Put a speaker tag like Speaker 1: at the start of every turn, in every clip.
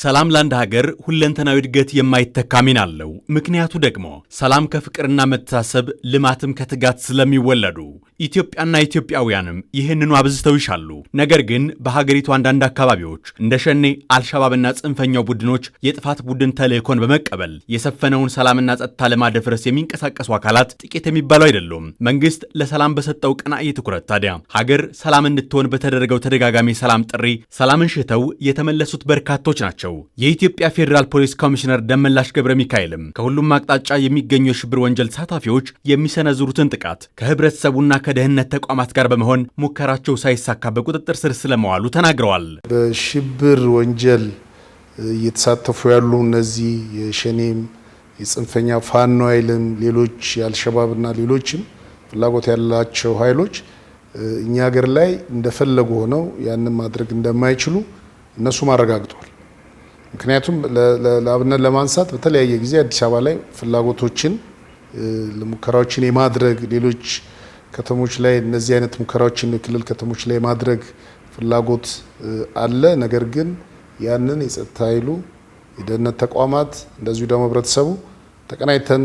Speaker 1: ሰላም ለአንድ ሀገር ሁለንተናዊ እድገት የማይተካ ሚና አለው። ምክንያቱ ደግሞ ሰላም ከፍቅርና መተሳሰብ ልማትም ከትጋት ስለሚወለዱ ኢትዮጵያና ኢትዮጵያውያንም ይህንኑ አብዝተው ይሻሉ። ነገር ግን በሀገሪቱ አንዳንድ አካባቢዎች እንደ ሸኔ፣ አልሸባብና ጽንፈኛው ቡድኖች የጥፋት ቡድን ተልእኮን በመቀበል የሰፈነውን ሰላምና ጸጥታ ለማደፍረስ የሚንቀሳቀሱ አካላት ጥቂት የሚባሉ አይደሉም። መንግስት ለሰላም በሰጠው ቀናኢ ትኩረት ታዲያ ሀገር ሰላም እንድትሆን በተደረገው ተደጋጋሚ ሰላም ጥሪ ሰላምን ሽተው የተመለሱት በርካቶች ናቸው። ናቸው። የኢትዮጵያ ፌዴራል ፖሊስ ኮሚሽነር ደመላሽ ገብረ ሚካኤልም ከሁሉም አቅጣጫ የሚገኙ የሽብር ወንጀል ተሳታፊዎች የሚሰነዝሩትን ጥቃት ከህብረተሰቡና ከደህንነት ተቋማት ጋር በመሆን ሙከራቸው ሳይሳካ በቁጥጥር ስር ስለመዋሉ ተናግረዋል።
Speaker 2: በሽብር ወንጀል እየተሳተፉ ያሉ እነዚህ የሸኔም የጽንፈኛ ፋኖ ኃይልም ሌሎች የአልሸባብና ሌሎችም ፍላጎት ያላቸው ኃይሎች እኛ ሀገር ላይ እንደፈለጉ ሆነው ያንን ማድረግ እንደማይችሉ እነሱም አረጋግጧል። ምክንያቱም ለአብነት ለማንሳት በተለያየ ጊዜ አዲስ አበባ ላይ ፍላጎቶችን ሙከራዎችን የማድረግ ሌሎች ከተሞች ላይ እነዚህ አይነት ሙከራዎችን የክልል ከተሞች ላይ የማድረግ ፍላጎት አለ። ነገር ግን ያንን የጸጥታ ኃይሉ፣ የደህንነት ተቋማት እንደዚሁ ደግሞ ህብረተሰቡ ተቀናይተን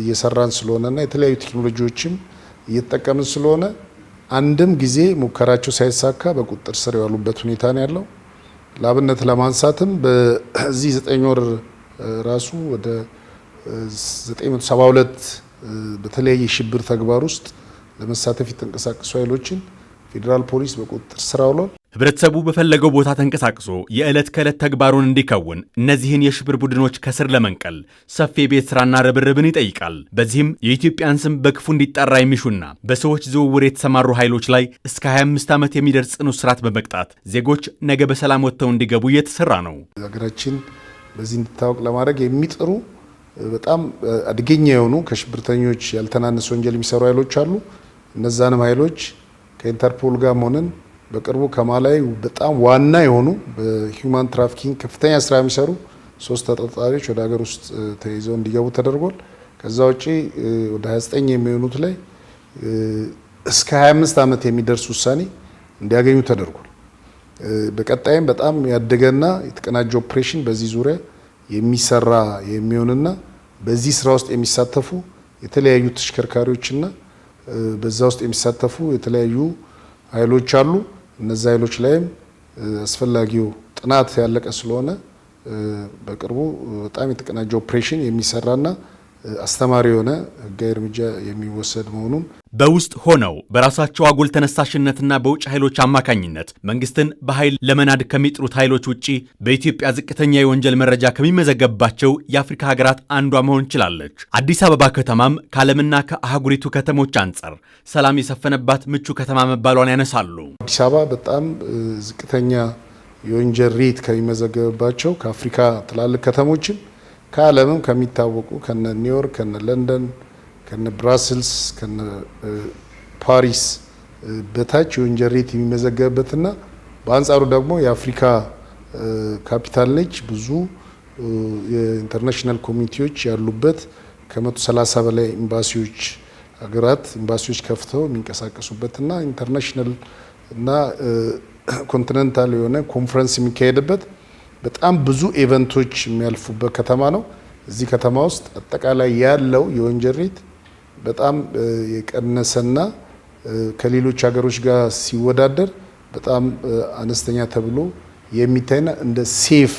Speaker 2: እየሰራን ስለሆነና የተለያዩ ቴክኖሎጂዎችም እየተጠቀምን ስለሆነ አንድም ጊዜ ሙከራቸው ሳይሳካ በቁጥጥር ስር የዋሉበት ሁኔታ ነው ያለው። ለአብነት ለማንሳትም በዚህ ዘጠኝ ወር ራሱ ወደ 972 በተለያየ ሽብር ተግባር ውስጥ ለመሳተፍ የተንቀሳቀሱ ኃይሎችን ፌዴራል ፖሊስ በቁጥጥር ስር አውሏል።
Speaker 1: ህብረተሰቡ በፈለገው ቦታ ተንቀሳቅሶ የዕለት ከዕለት ተግባሩን እንዲከውን እነዚህን የሽብር ቡድኖች ከስር ለመንቀል ሰፊ የቤት ስራና ርብርብን ይጠይቃል። በዚህም የኢትዮጵያን ስም በክፉ እንዲጠራ የሚሹና በሰዎች ዝውውር የተሰማሩ ኃይሎች ላይ እስከ 25 ዓመት የሚደርስ ጽኑ እስራት በመቅጣት ዜጎች ነገ በሰላም ወጥተው እንዲገቡ እየተሰራ ነው።
Speaker 2: ሀገራችን በዚህ እንድታወቅ ለማድረግ የሚጥሩ በጣም አደገኛ የሆኑ ከሽብርተኞች ያልተናነሱ ወንጀል የሚሰሩ ኃይሎች አሉ። እነዛንም ኃይሎች ከኢንተርፖል ጋር መሆንን በቅርቡ ከማላዊ በጣም ዋና የሆኑ በሂውማን ትራፊኪንግ ከፍተኛ ስራ የሚሰሩ ሶስት ተጠርጣሪዎች ወደ ሀገር ውስጥ ተይዘው እንዲገቡ ተደርጓል። ከዛ ውጪ ወደ 29 የሚሆኑት ላይ እስከ 25 ዓመት የሚደርስ ውሳኔ እንዲያገኙ ተደርጓል። በቀጣይም በጣም ያደገና የተቀናጀ ኦፕሬሽን በዚህ ዙሪያ የሚሰራ የሚሆንና በዚህ ስራ ውስጥ የሚሳተፉ የተለያዩ ተሽከርካሪዎችና በዛ ውስጥ የሚሳተፉ የተለያዩ ኃይሎች አሉ። እነዚህ ኃይሎች ላይም አስፈላጊው ጥናት ያለቀ ስለሆነ በቅርቡ በጣም የተቀናጀ ኦፕሬሽን የሚሰራና አስተማሪ የሆነ ህጋዊ እርምጃ የሚወሰድ መሆኑን
Speaker 1: በውስጥ ሆነው በራሳቸው አጎል ተነሳሽነትና በውጭ ኃይሎች አማካኝነት መንግስትን በኃይል ለመናድ ከሚጥሩት ኃይሎች ውጭ በኢትዮጵያ ዝቅተኛ የወንጀል መረጃ ከሚመዘገብባቸው የአፍሪካ ሀገራት አንዷ መሆን ችላለች። አዲስ አበባ ከተማም ከዓለምና ከአህጉሪቱ ከተሞች አንጻር ሰላም የሰፈነባት ምቹ ከተማ መባሏን ያነሳሉ።
Speaker 2: አዲስ አበባ በጣም ዝቅተኛ የወንጀል ሬት ከሚመዘገብባቸው ከአፍሪካ ትላልቅ ከተሞችም ከዓለምም ከሚታወቁ ከነ ኒውዮርክ ከነ ለንደን ከነ ብራስልስ ከነ ፓሪስ በታች የወንጀል ሬት የሚመዘገብበትና በአንጻሩ ደግሞ የአፍሪካ ካፒታል ነች። ብዙ የኢንተርናሽናል ኮሚኒቲዎች ያሉበት ከ130 በላይ ኤምባሲዎች ሀገራት ኤምባሲዎች ከፍተው የሚንቀሳቀሱበትና ኢንተርናሽናል እና ኮንቲነንታል የሆነ ኮንፈረንስ የሚካሄድበት በጣም ብዙ ኢቨንቶች የሚያልፉበት ከተማ ነው። እዚህ ከተማ ውስጥ አጠቃላይ ያለው የወንጀል ሬት በጣም የቀነሰና ከሌሎች ሀገሮች ጋር ሲወዳደር በጣም አነስተኛ ተብሎ የሚታይና እንደ ሴፍ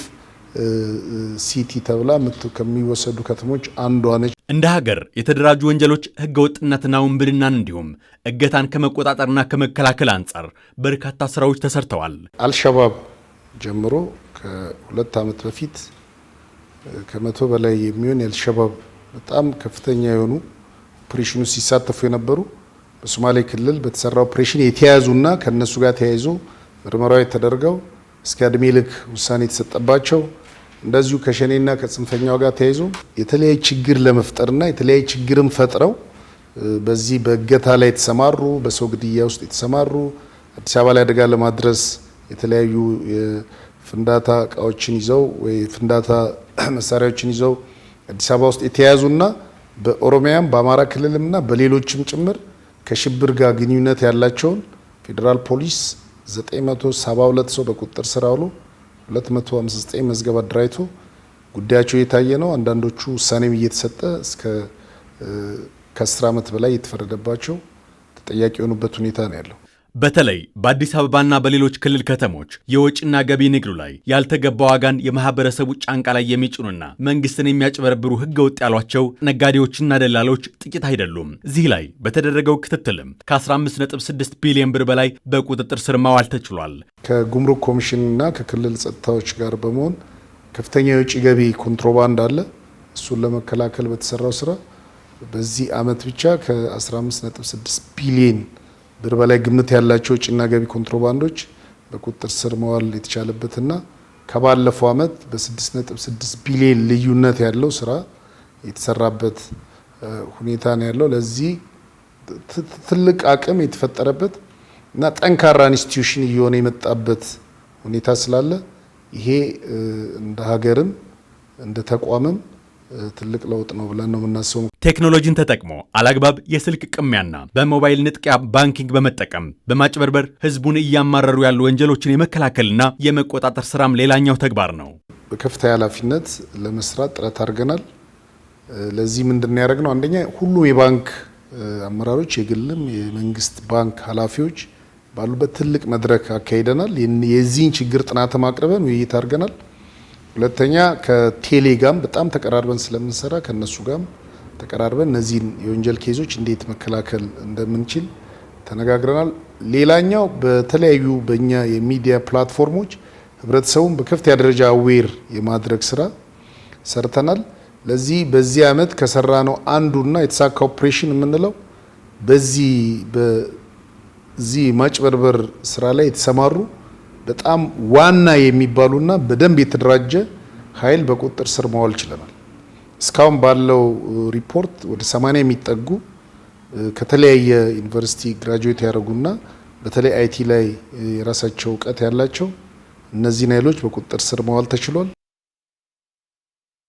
Speaker 2: ሲቲ ተብላ ከሚወሰዱ ከተሞች አንዷ ነች።
Speaker 1: እንደ ሀገር የተደራጁ ወንጀሎች ወጥነትና ውንብድናን እንዲሁም እገታን ከመቆጣጠርና ከመከላከል አንጻር በርካታ ስራዎች ተሰርተዋል።
Speaker 2: አልሸባብ ጀምሮ ከሁለት ዓመት በፊት ከመቶ በላይ የሚሆን የአልሸባብ በጣም ከፍተኛ የሆኑ ኦፕሬሽኑ ሲሳተፉ የነበሩ በሶማሌ ክልል በተሰራ ኦፕሬሽን የተያዙና ከነሱ ጋር ተያይዞ ምርመራዊ ተደርገው እስከ እድሜ ልክ ውሳኔ የተሰጠባቸው እንደዚሁ ከሸኔና ከጽንፈኛው ጋር ተያይዞ የተለያየ ችግር ለመፍጠርና የተለያየ ችግርም ፈጥረው በዚህ በእገታ ላይ የተሰማሩ በሰው ግድያ ውስጥ የተሰማሩ አዲስ አበባ ላይ አደጋ ለማድረስ የተለያዩ የፍንዳታ እቃዎችን ይዘው ወይ ፍንዳታ መሳሪያዎችን ይዘው አዲስ አበባ ውስጥ የተያያዙና በኦሮሚያም በአማራ ክልልምና በሌሎችም ጭምር ከሽብር ጋር ግንኙነት ያላቸውን ፌዴራል ፖሊስ 972 ሰው በቁጥጥር ስር አውሎ 259 መዝገብ አደራጅቶ ጉዳያቸው የታየ ነው። አንዳንዶቹ ውሳኔም እየተሰጠ እስከ ከ10 ዓመት በላይ የተፈረደባቸው ተጠያቂ የሆኑበት ሁኔታ ነው ያለው።
Speaker 1: በተለይ በአዲስ አበባና በሌሎች ክልል ከተሞች የወጪና ገቢ ንግዱ ላይ ያልተገባ ዋጋን የማህበረሰቡ ጫንቃ ላይ የሚጭኑና መንግስትን የሚያጭበረብሩ ህገ ወጥ ያሏቸው ነጋዴዎችና ደላሎች ጥቂት አይደሉም። እዚህ ላይ በተደረገው ክትትልም ከ15.6 ቢሊዮን ብር በላይ በቁጥጥር ስር ማዋል ተችሏል።
Speaker 2: ከጉምሩክ ኮሚሽንና ከክልል ጸጥታዎች ጋር በመሆን ከፍተኛ የውጭ ገቢ ኮንትሮባንድ አለ። እሱን ለመከላከል በተሰራው ስራ በዚህ አመት ብቻ ከ15.6 ቢሊዮን ብር በላይ ግምት ያላቸው ውጭና ገቢ ኮንትሮባንዶች በቁጥጥር ስር መዋል የተቻለበትና ከባለፈው ዓመት በ6.6 ቢሊዮን ልዩነት ያለው ስራ የተሰራበት ሁኔታ ነው ያለው። ለዚህ ትልቅ አቅም የተፈጠረበት እና ጠንካራ ኢንስቲትዩሽን እየሆነ የመጣበት ሁኔታ ስላለ ይሄ እንደ ሀገርም እንደ ተቋምም ትልቅ ለውጥ ነው ብለን ነው የምናስበው።
Speaker 1: ቴክኖሎጂን ተጠቅሞ አላግባብ የስልክ ቅሚያና በሞባይል ንጥቂያ ባንኪንግ በመጠቀም በማጭበርበር ህዝቡን እያማረሩ ያሉ ወንጀሎችን የመከላከልና የመቆጣጠር ስራም ሌላኛው ተግባር ነው።
Speaker 2: በከፍታ ኃላፊነት ለመስራት ጥረት አድርገናል። ለዚህ ምንድን ያደረግ ነው? አንደኛ ሁሉም የባንክ አመራሮች፣ የግልም የመንግስት ባንክ ኃላፊዎች ባሉበት ትልቅ መድረክ አካሂደናል። የዚህን ችግር ጥናትም አቅርበን ውይይት አድርገናል። ሁለተኛ ከቴሌ ጋም በጣም ተቀራርበን ስለምንሰራ ከነሱ ጋም ተቀራርበን እነዚህን የወንጀል ኬዞች እንዴት መከላከል እንደምንችል ተነጋግረናል። ሌላኛው በተለያዩ በእኛ የሚዲያ ፕላትፎርሞች ህብረተሰቡን በከፍተኛ ደረጃ አዌር የማድረግ ስራ ሰርተናል። ለዚህ በዚህ አመት ከሰራ ነው አንዱና የተሳካ ኦፕሬሽን የምንለው በዚህ በዚህ ማጭበርበር ስራ ላይ የተሰማሩ በጣም ዋና የሚባሉና በደንብ የተደራጀ ኃይል በቁጥጥር ስር መዋል ችለናል። እስካሁን ባለው ሪፖርት ወደ 80 የሚጠጉ ከተለያየ ዩኒቨርሲቲ ግራጁዌት ያደረጉና በተለይ አይቲ ላይ የራሳቸው እውቀት ያላቸው እነዚህን ኃይሎች በቁጥጥር ስር መዋል ተችሏል።